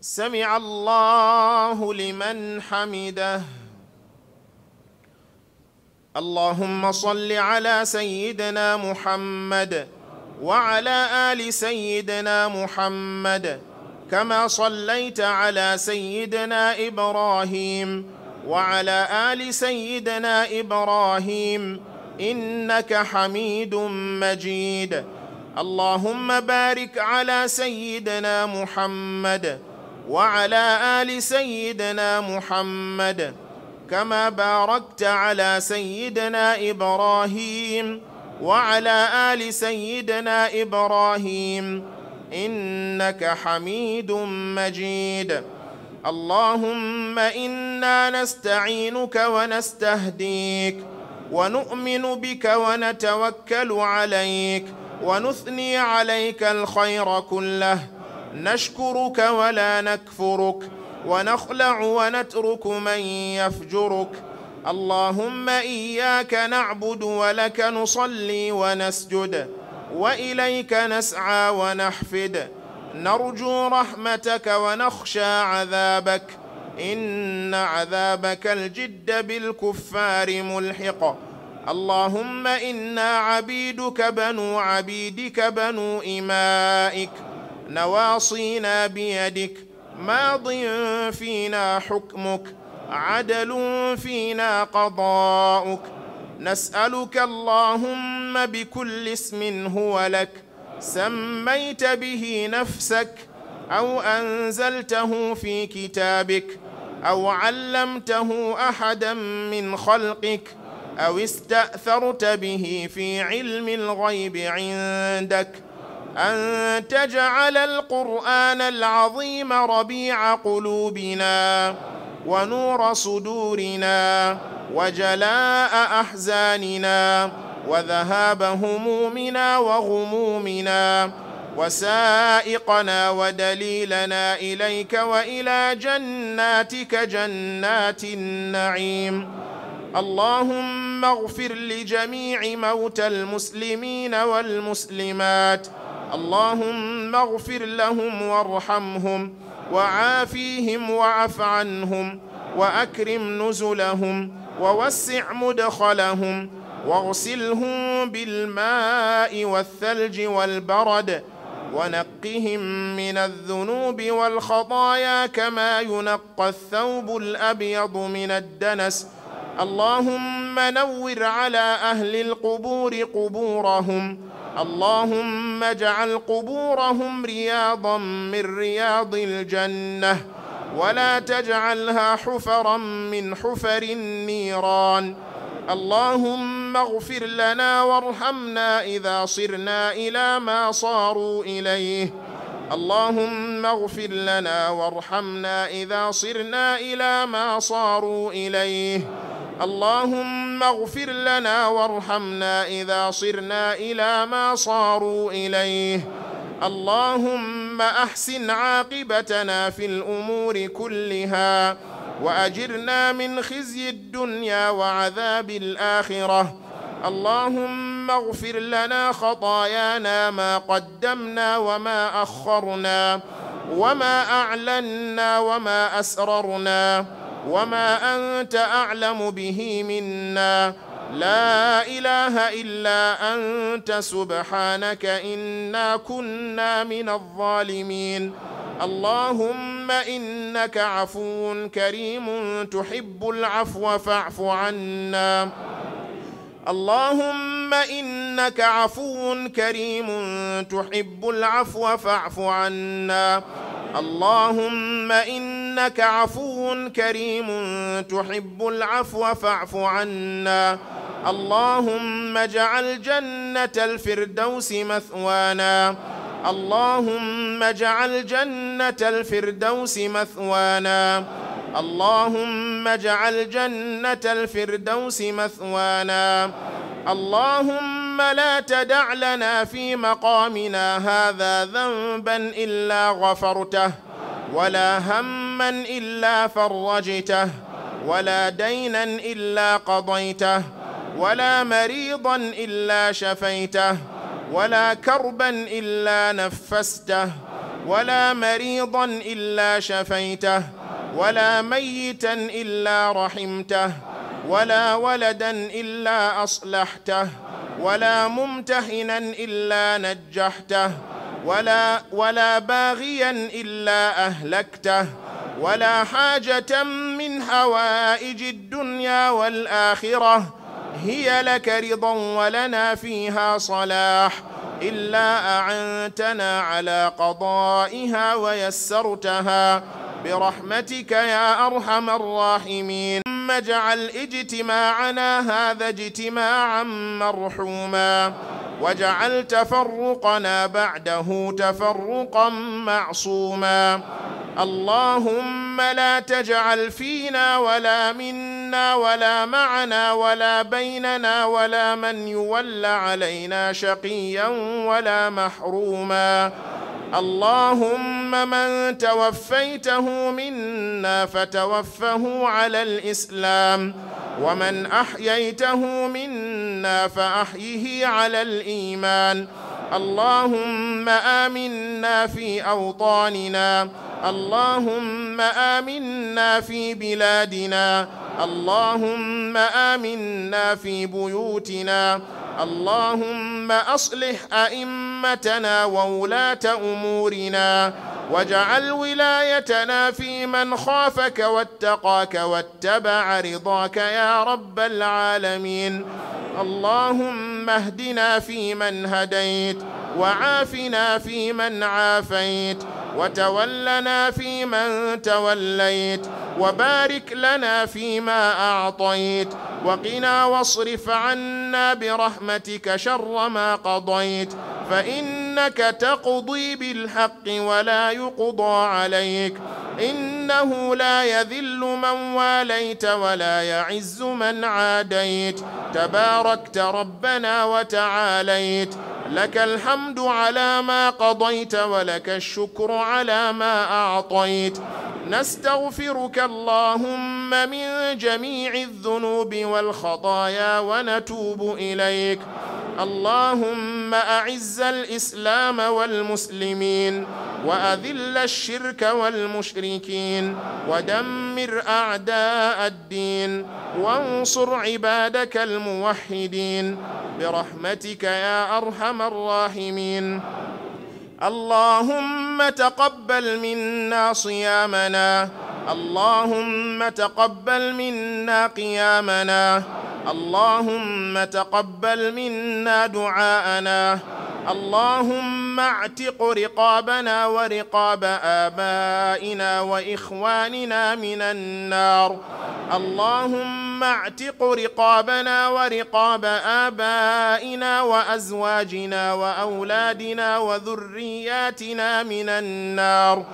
سمع الله لمن حمده اللهم صل على سيدنا محمد وعلى ال سيدنا محمد كما صليت على سيدنا ابراهيم وعلى ال سيدنا ابراهيم انك حميد مجيد اللهم بارك على سيدنا محمد وعلى آل سيدنا محمد كما باركت على سيدنا إبراهيم وعلى آل سيدنا إبراهيم إنك حميد مجيد اللهم إنا نستعينك ونستهديك ونؤمن بك ونتوكل عليك ونثني عليك الخير كله نشكرك ولا نكفرك ونخلع ونترك من يفجرك اللهم إياك نعبد ولك نصلي ونسجد وإليك نسعى ونحفد نرجو رحمتك ونخشى عذابك إن عذابك الجد بالكفار ملحق اللهم إنا عبيدك بنو عبيدك بنو إمائك نواصينا بيدك ماض فينا حكمك عدل فينا قضاؤك نسألك اللهم بكل اسم هو لك سميت به نفسك أو أنزلته في كتابك أو علمته أحدا من خلقك أو استأثرت به في علم الغيب عندك أن تجعل القرآن العظيم ربيع قلوبنا ونور صدورنا وجلاء أحزاننا وذهاب همومنا وغمومنا وسائقنا ودليلنا إليك وإلى جناتك جنات النعيم اللهم اغفر لجميع موتى المسلمين والمسلمات اللهم اغفر لهم وارحمهم وعافيهم واعف عنهم واكرم نزلهم ووسع مدخلهم واغسلهم بالماء والثلج والبرد ونقهم من الذنوب والخطايا كما ينقى الثوب الابيض من الدنس اللهم نور على اهل القبور قبورهم اللهم اجعل قبورهم رياضا من رياض الجنة ولا تجعلها حفرا من حفر النيران اللهم اغفر لنا وارحمنا إذا صرنا إلى ما صاروا إليه اللهم اغفر لنا وارحمنا إذا صرنا إلى ما صاروا إليه اللهم اللهم اغفر لنا وارحمنا إذا صرنا إلى ما صاروا إليه اللهم أحسن عاقبتنا في الأمور كلها وأجرنا من خزي الدنيا وعذاب الآخرة اللهم اغفر لنا خطايانا ما قدمنا وما أخرنا وما أعلنا وما أسررنا وما أنت أعلم به منا لا إله إلا أنت سبحانك إنا كنا من الظالمين اللهم إنك عفو كريم تحب العفو فاعف عنا اللهم إنك عفو كريم تحب العفو فاعف عنا اللهم إنك إنك عفو كريم تحب العفو فاعف عنا اللهم اجعل جنة الفردوس مثوانا اللهم اجعل جنة الفردوس مثوانا اللهم اجعل جنة الفردوس مثوانا اللهم لا تدع لنا في مقامنا هذا ذنبا إلا غفرته ولا هم همّا إلا فرجته ولا دينا إلا قضيته ولا مريضا إلا شفيته ولا كربا إلا نفسته ولا مريضا إلا شفيته ولا ميتا إلا رحمته ولا ولدا إلا أصلحته ولا ممتهنا إلا نجحته ولا ولا باغيا إلا أهلكته ولا حاجة من حوائج الدنيا والآخرة هي لك رضا ولنا فيها صلاح إلا أعنتنا على قضائها ويسرتها برحمتك يا أرحم الراحمين ثم اجعل اجتماعنا هذا اجتماعا مرحوما واجعل تفرقنا بعده تفرقا معصوما اللهم لا تجعل فينا ولا منا ولا معنا ولا بيننا ولا من يولى علينا شقيا ولا محروما اللهم من توفيته منا فتوفه على الإسلام ومن أحييته منا فأحيه على الإيمان اللهم آمنا في أوطاننا اللهم آمنا في بلادنا اللهم آمنا في بيوتنا اللهم أصلح أئمتنا وولاة أمورنا واجعل ولايتنا في من خافك واتقاك واتبع رضاك يا رب العالمين اللهم اهدنا فيمن هديت وعافنا فيمن عافيت وتولنا فيمن توليت وبارك لنا فيما أعطيت وقنا واصرف عنا برحمتك شر ما قضيت فإنك تقضي بالحق ولا يقضى عليك إنه لا يذل من واليت ولا يعز من عاديت تباركت ربنا وتعاليت لك الحمد على ما قضيت ولك الشكر على ما أعطيت نستغفرك اللهم من جميع الذنوب والخطايا ونتوب إليك اللهم أعز الإسلام والمسلمين وأذل الشرك والمشركين ودمر أعداء الدين وانصر عبادك الموحدين برحمتك يا أرحم الراحمين اللهم تقبل منا صيامنا اللهم تقبل منا قيامنا اللهم تقبل منا دعاءنا اللهم اعتق رقابنا ورقاب آبائنا وإخواننا من النار اللهم اللهم اعتق رقابنا ورقاب آبائنا وأزواجنا وأولادنا وذرياتنا من النار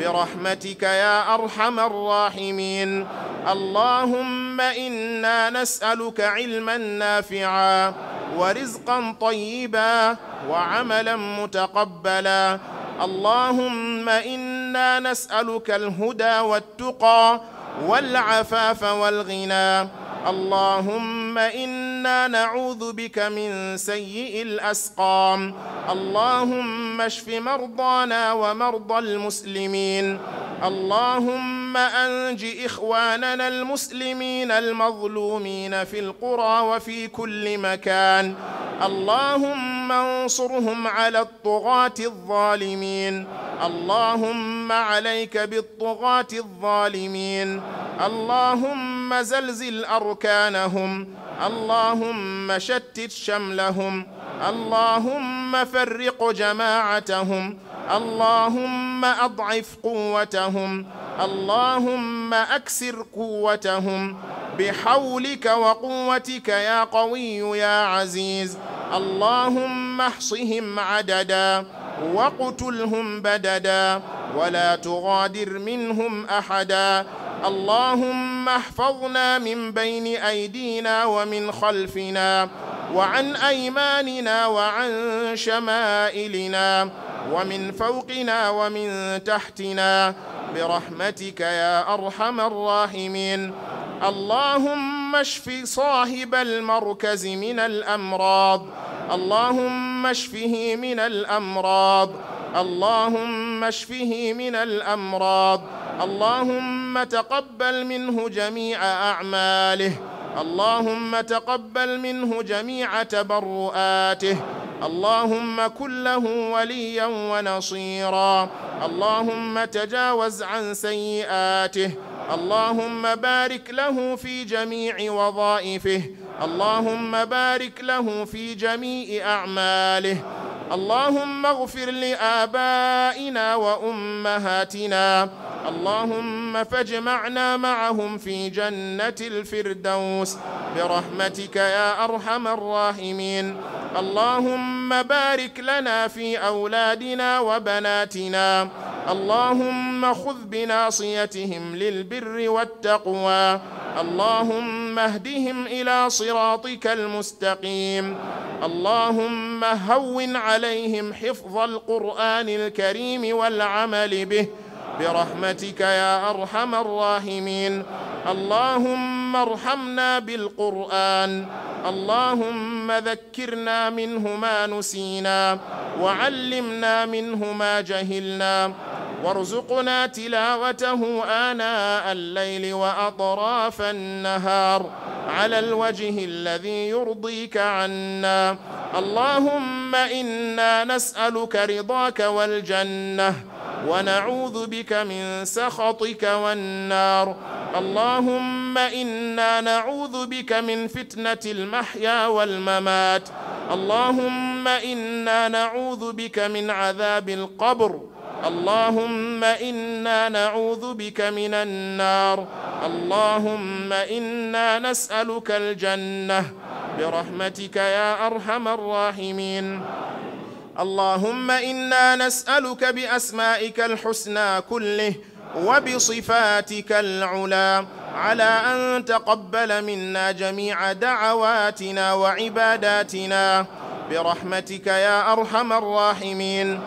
برحمتك يا أرحم الراحمين اللهم إنا نسألك علما نافعا ورزقا طيبا وعملا متقبلا اللهم إنا نسألك الهدى والتقى والعفاف والغنى اللهم إنا نعوذ بك من سيء الأسقام اللهم اشف مرضانا ومرضى المسلمين اللهم أنج إخواننا المسلمين المظلومين في القرى وفي كل مكان اللهم اللهم انصرهم على الطغاة الظالمين اللهم عليك بالطغاة الظالمين اللهم زلزل أركانهم اللهم شتت شملهم اللهم فرق جماعتهم اللهم أضعف قوتهم اللهم أكسر قوتهم بحولك وقوتك يا قوي يا عزيز اللهم احصهم عددا واقتلهم بددا ولا تغادر منهم احدا اللهم احفظنا من بين ايدينا ومن خلفنا وعن ايماننا وعن شمائلنا ومن فوقنا ومن تحتنا برحمتك يا ارحم الراحمين اللهم اشف صاحب المركز من الأمراض اللهم اشفه من الأمراض اللهم اشفه من الأمراض اللهم تقبل منه جميع أعماله اللهم تقبل منه جميع تبرؤاته اللهم كن له وليا ونصيرا اللهم تجاوز عن سيئاته اللهم بارك له في جميع وظائفه اللهم بارك له في جميع أعماله اللهم اغفر لآبائنا وأمهاتنا اللهم فاجمعنا معهم في جنة الفردوس برحمتك يا أرحم الراحمين اللهم بارك لنا في أولادنا وبناتنا اللهم خذ بناصيتهم للبر والتقوى اللهم اهدهم إلى صراطك المستقيم اللهم هون عليهم حفظ القرآن الكريم والعمل به برحمتك يا أرحم الراحمين اللهم ارحمنا بالقرآن اللهم ذكرنا منه ما نسينا وعلمنا منه ما جهلنا وارزقنا تلاوته آناء الليل وأطراف النهار على الوجه الذي يرضيك عنا اللهم إنا نسألك رضاك والجنة ونعوذ بك من سخطك والنار اللهم إنا نعوذ بك من فتنة المحيا والممات اللهم إنا نعوذ بك من عذاب القبر اللهم إنا نعوذ بك من النار اللهم إنا نسألك الجنة برحمتك يا أرحم الراحمين اللهم إنا نسألك بأسمائك الحسنى كله وبصفاتك العلى على أن تقبل منا جميع دعواتنا وعباداتنا برحمتك يا أرحم الراحمين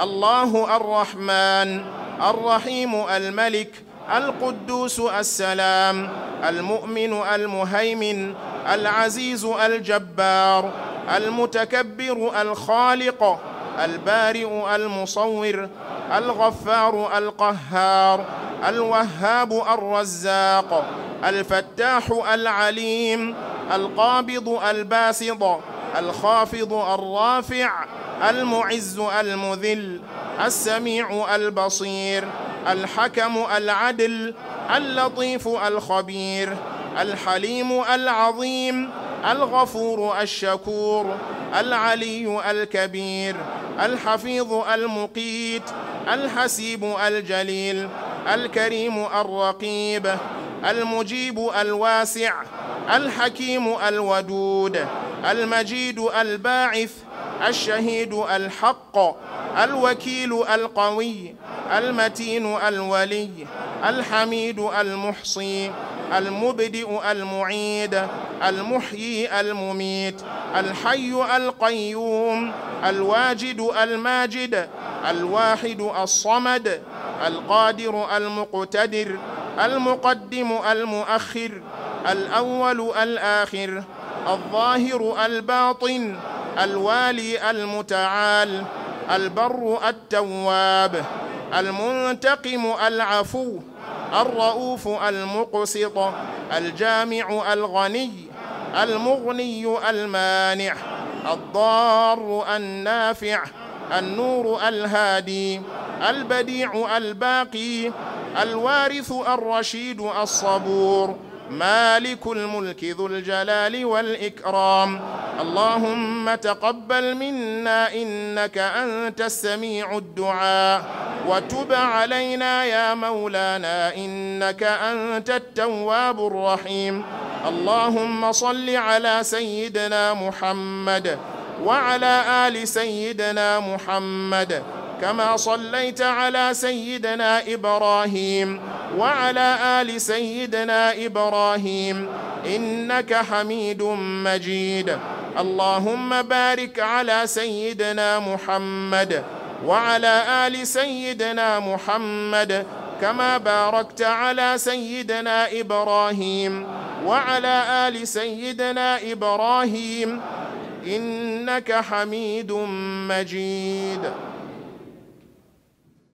الله الرحمن الرحيم الملك القدوس السلام المؤمن المهيمن العزيز الجبار المتكبر الخالق البارئ المصور الغفار القهار الوهاب الرزاق الفتاح العليم القابض الباسط الخافض الرافع المعز المذل السميع البصير الحكم العدل اللطيف الخبير الحليم العظيم الغفور الشكور العلي الكبير الحفيظ المقيت الحسيب الجليل الكريم الرقيب المجيب الواسع الحكيم الودود المجيد الباعث الشهيد الحق الوكيل القوي المتين الولي الحميد المحصي المبدئ المعيد المحيي المميت الحي القيوم الواجد الماجد الواحد الصمد القادر المقتدر المقدم المؤخر الأول الآخر الظاهر الباطن الوالي المتعال البر التواب المنتقم العفو الرؤوف المقسط الجامع الغني المغني المانع الضار النافع النور الهادي البديع الباقي الوارث الرشيد الصبور مالك الملك ذو الجلال والإكرام اللهم تقبل منا إنك أنت السميع الدعاء وتب علينا يا مولانا إنك أنت التواب الرحيم اللهم صل على سيدنا محمد وعلى آل سيدنا محمد كما صليت على سيدنا إبراهيم وعلى آل سيدنا إبراهيم إنك حميد مجيد اللهم بارك على سيدنا محمد وعلى آل سيدنا محمد كما باركت على سيدنا إبراهيم وعلى آل سيدنا إبراهيم إنك حميد مجيد